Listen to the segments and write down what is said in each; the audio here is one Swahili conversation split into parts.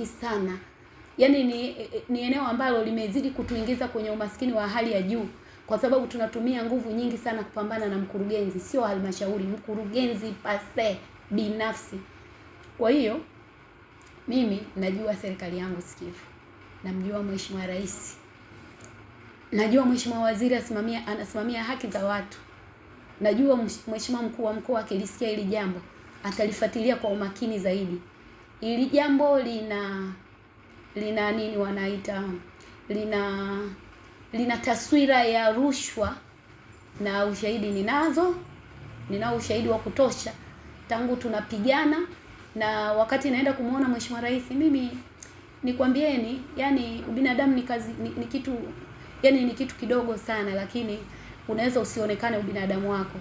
wengi sana. Yaani ni, ni eneo ambalo limezidi kutuingiza kwenye umaskini wa hali ya juu kwa sababu tunatumia nguvu nyingi sana kupambana na mkurugenzi, sio halmashauri, mkurugenzi pase binafsi. Kwa hiyo mimi najua serikali yangu sikivu, namjua Mheshimiwa Rais, najua Mheshimiwa Waziri asimamia anasimamia haki za watu, najua Mheshimiwa Mkuu wa Mkoa akilisikia hili jambo atalifuatilia kwa umakini zaidi ili jambo lina lina nini wanaita lina lina taswira ya rushwa, na ushahidi ninazo, ninao ushahidi wa kutosha tangu tunapigana, na wakati naenda kumwona mheshimiwa rais, mimi nikwambieni, yani ubinadamu ni kazi, ni, ni kitu yani ni kitu kidogo sana, lakini unaweza usionekane ubinadamu wako.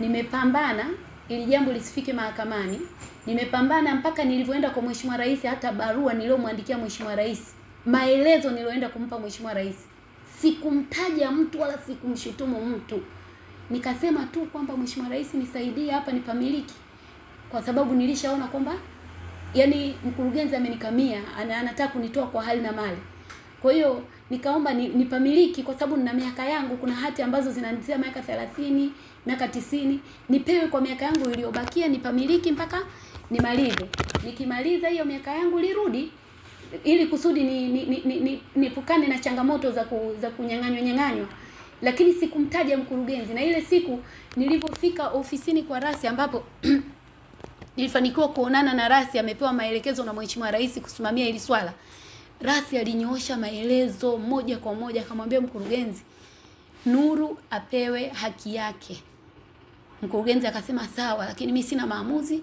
Nimepambana ili jambo lisifike mahakamani. Nimepambana mpaka nilivyoenda kwa Mheshimiwa Rais, hata barua niliyomwandikia Mheshimiwa Rais, maelezo niliyoenda kumpa Mheshimiwa Rais, sikumtaja mtu wala sikumshutumu mtu, nikasema tu kwamba Mheshimiwa Rais, nisaidie hapa nipamiliki, kwa sababu nilishaona kwamba yani mkurugenzi amenikamia, anataka kunitoa kwa hali na mali. Kwa hiyo nikaomba ni, nipamiliki kwa sababu nina miaka yangu. Kuna hati ambazo zinaanzia miaka 30, miaka 90, nipewe kwa miaka yangu iliyobakia nipamiliki mpaka nimalize. Nikimaliza hiyo miaka yangu lirudi ili kusudi ni nipukane ni, ni, ni, ni na changamoto za ku, za kunyang'anywa nyang'anywa. Lakini sikumtaja mkurugenzi, na ile siku nilipofika ofisini kwa Rasi ambapo nilifanikiwa kuonana na Rasi, amepewa maelekezo na Mheshimiwa Rais kusimamia hili swala. Rasi alinyoosha maelezo moja kwa moja, akamwambia mkurugenzi, Nuru apewe haki yake. Mkurugenzi akasema sawa, lakini mimi sina maamuzi.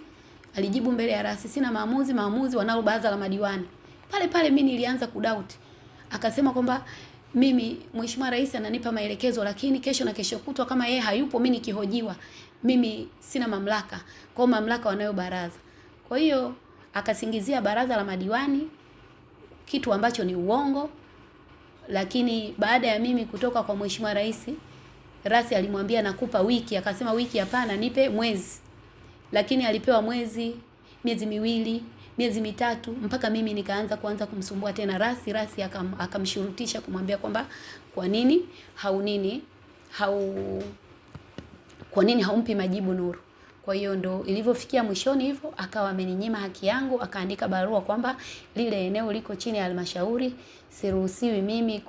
Alijibu mbele ya Rasi, sina maamuzi, maamuzi wanalo baraza la madiwani. Pale pale mimi nilianza kudoubt, akasema kwamba mimi Mheshimiwa Rais ananipa maelekezo, lakini kesho na kesho kutwa kama yeye hayupo, mimi nikihojiwa, mimi sina mamlaka, kwa mamlaka wanayo baraza. Kwa hiyo akasingizia baraza la madiwani kitu ambacho ni uongo. Lakini baada ya mimi kutoka kwa mheshimiwa rais, rasi alimwambia nakupa wiki, akasema wiki hapana, nipe mwezi. Lakini alipewa mwezi, miezi miwili, miezi mitatu, mpaka mimi nikaanza kuanza kumsumbua tena rasi rasi, akam, akamshurutisha kumwambia kwamba kwa nini haunini hau kwa nini haumpi majibu Nuru? Kwa hiyo ndo ilivyofikia mwishoni hivyo, akawa ameninyima haki yangu, akaandika barua kwamba lile eneo liko chini ya halmashauri, siruhusiwi mimi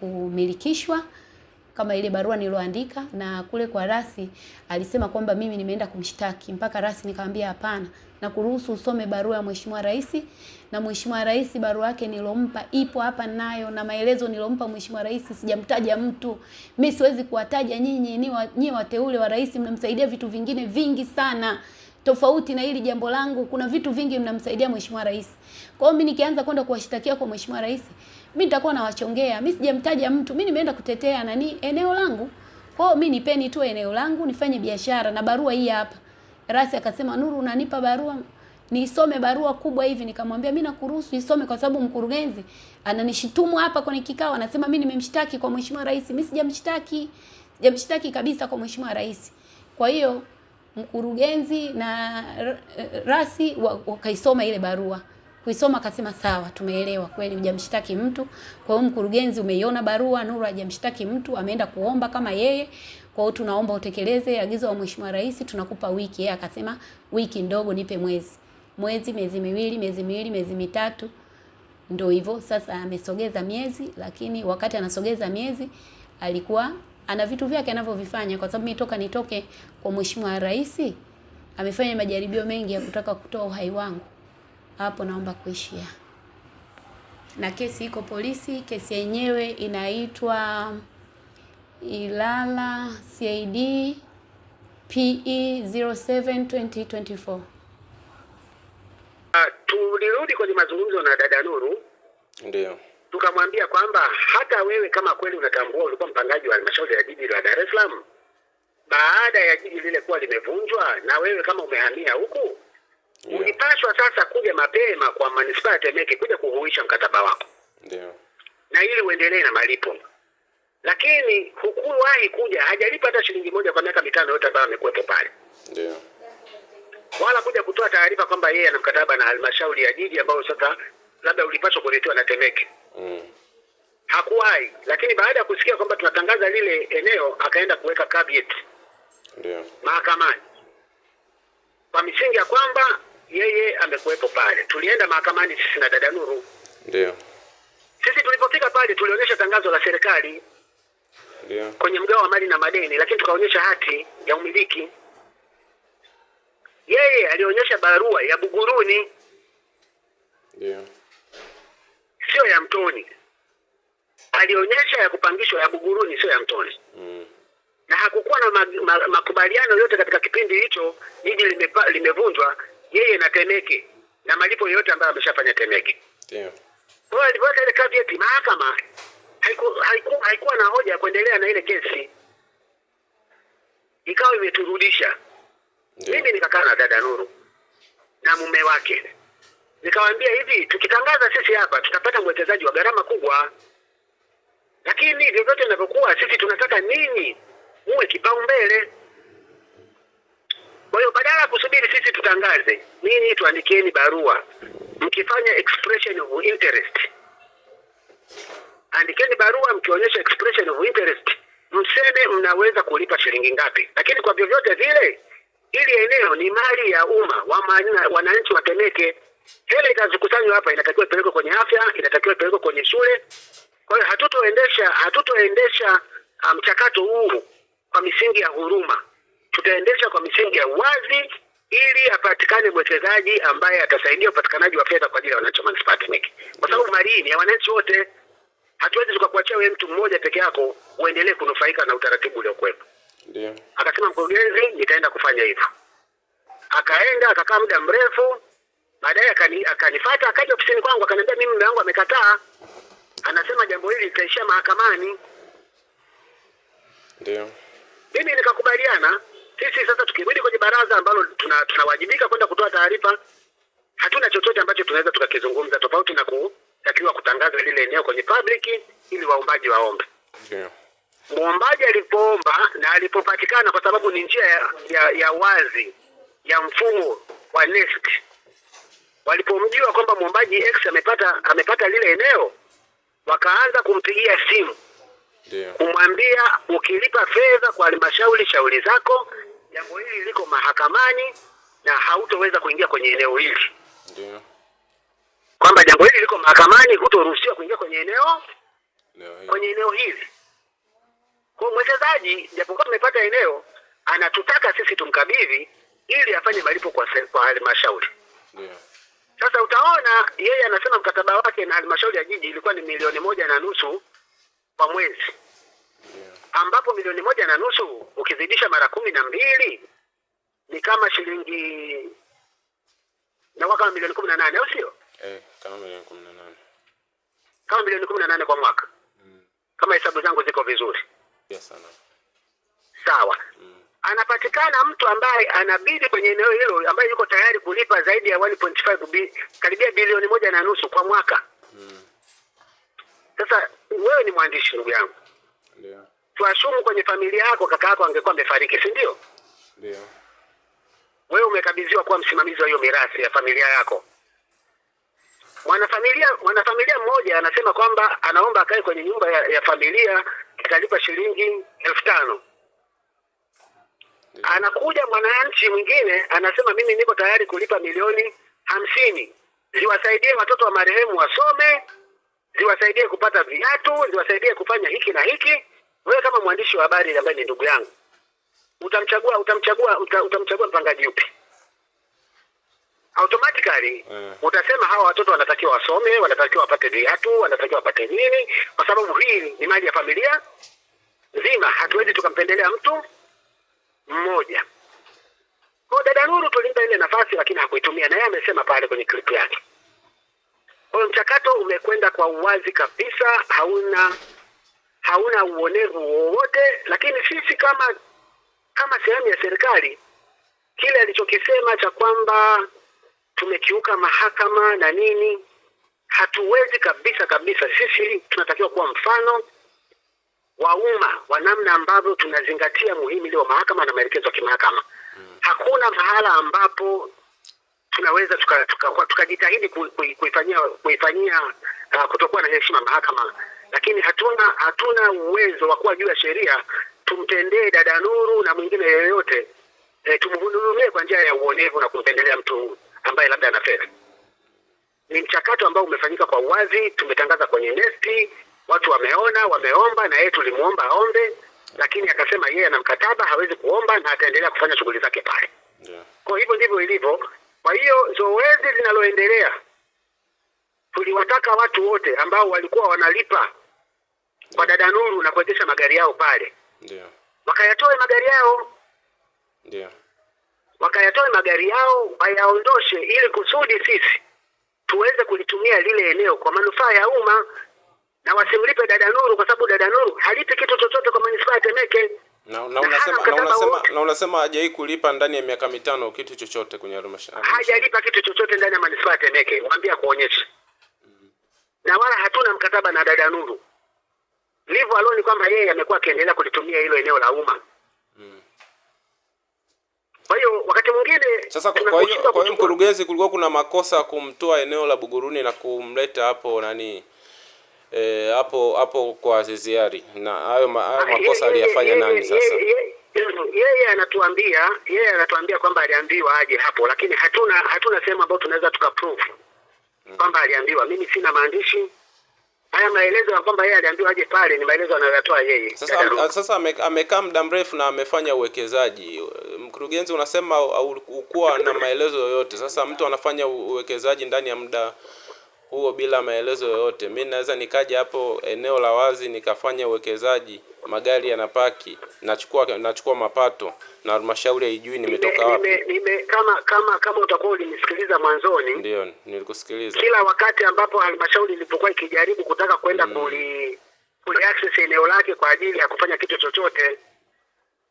kumilikishwa kama ile barua niloandika. Na kule kwa rasi alisema kwamba mimi nimeenda kumshtaki, mpaka rasi nikamwambia hapana na kuruhusu usome barua ya Mheshimiwa Rais, na Mheshimiwa Rais barua yake nilompa ipo hapa nayo, na maelezo nilompa Mheshimiwa Rais, sijamtaja mtu mimi, siwezi kuwataja nyinyi. ni Nyinyi wateule wa rais mnamsaidia vitu vingine vingi sana tofauti na hili jambo langu, kuna vitu vingi mnamsaidia mheshimiwa rais. Kwa hiyo mimi nikianza kwenda kuwashitakia kwa mheshimiwa rais, mimi nitakuwa nawachongea. Mimi sijamtaja mtu, mimi nimeenda kutetea nani, eneo langu. Kwa hiyo mimi nipeni tu eneo langu nifanye biashara, na barua hii hapa. Rasi akasema, Nuru, unanipa barua nisome barua kubwa hivi? Nikamwambia mimi nakuruhusu isome, kwa sababu mkurugenzi ananishitumu hapa kwenye kikao, anasema mimi nimemshtaki kwa mheshimiwa rais. Mimi sijamshtaki, sijamshtaki kabisa kwa mheshimiwa rais. Kwa hiyo mkurugenzi na Rasi wakaisoma ile barua kuisoma akasema, sawa, tumeelewa kweli, hujamshtaki mtu. Kwa hiyo mkurugenzi, umeiona barua, Nuru hajamshtaki mtu, ameenda kuomba kama yeye. Kwa hiyo tunaomba utekeleze agizo la Mheshimiwa Rais, tunakupa wiki. Yeye akasema wiki ndogo, nipe mwezi. Mwezi, miezi miwili, miezi miwili, miezi mitatu, ndio hivyo. Sasa amesogeza miezi, lakini wakati anasogeza miezi alikuwa ana vitu vyake anavyovifanya, kwa sababu mimi toka nitoke kwa Mheshimiwa Rais amefanya majaribio mengi ya kutaka kutoa uhai wangu. Hapo naomba kuishia, na kesi iko polisi. Kesi yenyewe inaitwa Ilala CID PE 07 tulirudi kwenye mazungumzo na dada Nuru, ndio tukamwambia kwamba hata wewe kama kweli unatambua ulikuwa mpangaji wa halmashauri ya jiji la Dar es Salaam, baada ya jiji lile kuwa limevunjwa na wewe kama umehamia huku yeah, ulipaswa sasa kuja mapema kwa manispaa ya Temeke kuja kuhuisha mkataba wako, ndio na ili uendelee na malipo lakini hukuwahi kuja, hajalipa hata shilingi moja kwa miaka mitano yote ambayo amekuwepo pale, yeah. wala kuja kutoa taarifa kwamba yeye ana mkataba na halmashauri ya jiji ambayo sasa labda ulipaswa kuletewa na Temeke mm. Hakuwahi, lakini baada ya kusikia kwamba tunatangaza lile eneo akaenda kuweka caveat yeah. mahakamani kwa misingi ya kwamba yeye amekuwepo pale. Tulienda mahakamani sisi na dada Nuru, ndio sisi tulipofika pale tulionyesha tangazo la serikali yeah. kwenye mgao wa mali na madeni, lakini tukaonyesha hati ya umiliki. Yeye alionyesha barua ya Buguruni yeah. sio ya Mtoni, alionyesha ya kupangishwa ya Buguruni, sio ya Mtoni mm. na hakukuwa na makubaliano yote katika kipindi hicho, jiji limevunjwa, lime yeye na Temeke na malipo yote ambayo ameshafanya Temeke yeah. kwa ile caveat mahakama haikuwa haiku, haiku na hoja ya kuendelea na ile kesi, ikawa imeturudisha yeah. Mimi nikakaa na dada Nuru na mume wake nikawaambia hivi, tukitangaza sisi hapa tutapata mwekezaji wa gharama kubwa, lakini vyovyote vinavyokuwa, sisi tunataka ninyi muwe kipaumbele. Kwa hiyo badala ya kusubiri sisi tutangaze, ninyi tuandikieni barua mkifanya expression of interest andikeni barua mkionyesha expression of interest, mseme mnaweza kulipa shilingi ngapi, lakini kwa vyovyote vile ili eneo ni mali ya umma wananchi wa Temeke, Hela itazikusanywa hapa, inatakiwa ipelekwe kwenye afya, inatakiwa ipelekwe kwenye shule. Kwa hiyo hatutoendesha hatutoendesha ah, mchakato um, huu kwa misingi ya huruma, tutaendesha kwa misingi ya uwazi ili apatikane mwekezaji ambaye atasaidia upatikanaji wa fedha kwa ajili ya wananchi wa manispaa Temeke, kwa sababu mali hii ni ya wananchi wote hatuwezi tukakuachia wewe mtu mmoja peke yako uendelee kunufaika na utaratibu uliokuwepo. Ndio akasema mkurugenzi, nitaenda kufanya hivyo. Akaenda akakaa muda mrefu, baadaye akani, akanifuata akaja ofisini kwangu akaniambia, mimi mume wangu amekataa, anasema jambo hili litaishia mahakamani. Ndio mimi nikakubaliana, sisi sasa tukirudi kwenye baraza ambalo tunawajibika tuna kwenda kutoa taarifa, hatuna chochote ambacho tunaweza tukakizungumza tofauti na ku anatakiwa kutangaza lile eneo kwenye public ili waombaji waombe. Yeah. Mwombaji alipoomba na alipopatikana, kwa sababu ni njia ya, ya, ya wazi ya mfumo wa NeST, walipomjua kwamba mwombaji X amepata amepata lile eneo, wakaanza kumpigia simu yeah, kumwambia ukilipa fedha kwa halmashauri, shauri zako, jambo hili liko mahakamani na hautoweza kuingia kwenye eneo hili yeah kwamba jambo hili liko mahakamani, hutoruhusiwa kuingia kwenye eneo kwenye eneo hili. Kwa mwekezaji, japokuwa tumepata eneo, anatutaka sisi tumkabidhi ili afanye malipo kwa kwa halmashauri yeah. Sasa utaona yeye anasema mkataba wake na halmashauri ya jiji ilikuwa ni milioni moja na nusu kwa mwezi yeah. Ambapo milioni moja na nusu ukizidisha mara kumi na mbili ni kama shilingi na kama milioni kumi na nane au sio? Eh, kama milioni kumi na nane kama milioni kumi na nane kwa mwaka mm. kama hesabu zangu ziko vizuri yes, sawa mm. Anapatikana mtu ambaye anabidi kwenye eneo hilo ambaye yuko tayari kulipa zaidi ya 1.5 bi, karibia bilioni moja na nusu kwa mwaka mm. Sasa wewe ni mwandishi ndugu yangu, yeah. Tuashumu kwenye familia yako kaka yako angekuwa amefariki, si ndio? Ndio. Wewe umekabidhiwa kuwa msimamizi wa hiyo mirathi ya familia yako Mwanafamilia mwanafamilia mmoja anasema kwamba anaomba akae kwenye nyumba ya, ya familia italipa shilingi elfu tano. Yeah. Anakuja mwananchi mwingine anasema mimi niko tayari kulipa milioni hamsini ziwasaidie watoto wa marehemu wasome, ziwasaidie kupata viatu, ziwasaidie kufanya hiki na hiki. Wewe kama mwandishi wa habari ambaye ni ndugu yangu, utamchagua utamchagua uta, utamchagua mpangaji upi? automatically mm. utasema hawa watoto wanatakiwa wasome, wanatakiwa wapate viatu, wanatakiwa wapate nini, kwa sababu hii ni mali ya familia nzima. Hatuwezi tukampendelea mtu mmoja. Kwa dada Nuru tulimpa ile nafasi, lakini hakuitumia, na yeye amesema pale kwenye clip yake. Kwa mchakato umekwenda kwa uwazi kabisa, hauna hauna uonevu wowote, lakini sisi kama kama sehemu ya serikali kile alichokisema cha kwamba tumekiuka mahakama na nini. Hatuwezi kabisa kabisa. Sisi tunatakiwa kuwa mfano wa umma wa namna ambavyo tunazingatia ile wa mahakama na maelekezo ya kimahakama. Hmm. Hakuna mahala ambapo tunaweza tukajitahidi tuka, tuka kuifanyia kuifanyia uh, kutokuwa na heshima mahakama, lakini hatuna hatuna uwezo wa kuwa juu ya sheria tumtendee dada Nuru na mwingine yeyote eh, tumhudumie kwa njia ya uonevu na kumpendelea mtu ambaye labda ana fedha. Ni mchakato ambao umefanyika kwa uwazi, tumetangaza kwenye nesti, watu wameona, wameomba, na yeye tulimuomba aombe, lakini akasema yeye ana mkataba, hawezi kuomba na ataendelea kufanya shughuli zake pale. Yeah. Kwa hivyo ndivyo ilivyo. Kwa hiyo zoezi linaloendelea, tuliwataka watu wote ambao walikuwa wanalipa kwa dada Nuru na kuegesha magari yao pale, ndio wakayatoe magari yao, ndio wakayatoe magari yao wayaondoshe, ili kusudi sisi tuweze kulitumia lile eneo kwa manufaa ya umma, na wasimlipe dada Nuru kwa sababu dada Nuru halipi kitu chochote kwa manispaa ya Temeke. Na, na, unasema, na, unasema, na unasema hajai kulipa ndani ya miaka mitano kitu chochote kwenye halmashauri. Hajalipa kitu chochote ndani ya manispaa ya Temeke, mwambie kuonyesha mm -hmm. Na wala hatuna mkataba na dada Nuru, livyo aloni kwamba yeye amekuwa akiendelea kulitumia hilo eneo la umma mm. Kwa hiyo wakati mwingine sasa, kwa hiyo kwa hiyo mkurugenzi, kulikuwa kuna makosa kumtoa eneo la Buguruni na kumleta hapo nani hapo e, hapo kwa Aziz na hayo ma, ah, makosa aliyafanya nani sasa? Yeye anatuambia yeye anatuambia kwamba aliambiwa aje hapo, lakini hatuna hatuna sehemu ambayo tunaweza tukaprove mm. kwamba aliambiwa. Mimi sina maandishi Haya maelezo ya kwamba yeye aliambiwa aje pale ni maelezo anayoyatoa yeye. Sasa, am, sasa amekaa muda mrefu na amefanya uwekezaji. Mkurugenzi, unasema ukuwa na maelezo yoyote. Sasa mtu anafanya uwekezaji ndani ya muda huo bila maelezo yoyote. Mimi naweza nikaja hapo eneo la wazi nikafanya uwekezaji magari yanapaki, nachukua nachukua mapato na halmashauri haijui nimetoka wapi. Nime, nime, kama kama kama utakuwa ulinisikiliza mwanzoni, ndio nilikusikiliza kila wakati ambapo halmashauri ilipokuwa ikijaribu kutaka kwenda mm. kuli kuli access eneo lake kwa ajili ya kufanya kitu chochote,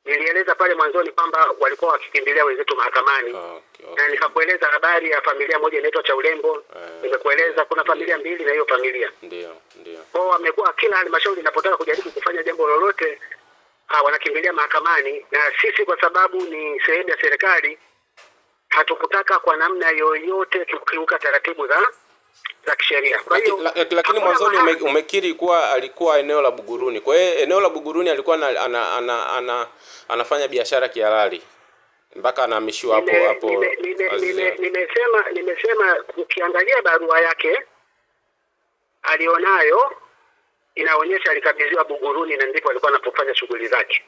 nilieleza pale mwanzoni kwamba walikuwa wakikimbilia wenzetu mahakamani. Ah, okay, okay. Na nikakueleza habari ya familia moja inaitwa cha urembo eh, nimekueleza kuna familia ndiyo, mbili na hiyo familia ndio ndio wamekuwa kila halmashauri inapotaka kujaribu kufanya jambo lolote ah, wanakimbilia mahakamani, na sisi kwa sababu ni sehemu ya serikali hatukutaka kwa namna yoyote kukiuka taratibu za za kisheria. Kwa hiyo lakini laki, laki mwanzoni ume, umekiri kuwa alikuwa eneo la Buguruni. Kwa hiyo eneo la Buguruni alikuwa na, ana, ana, ana, ana, anafanya biashara kihalali mpaka anahamishiwa hapo hapo. Nimesema nimesema, ukiangalia barua yake alionayo inaonyesha alikabidhiwa Buguruni na ndipo alikuwa anapofanya shughuli zake.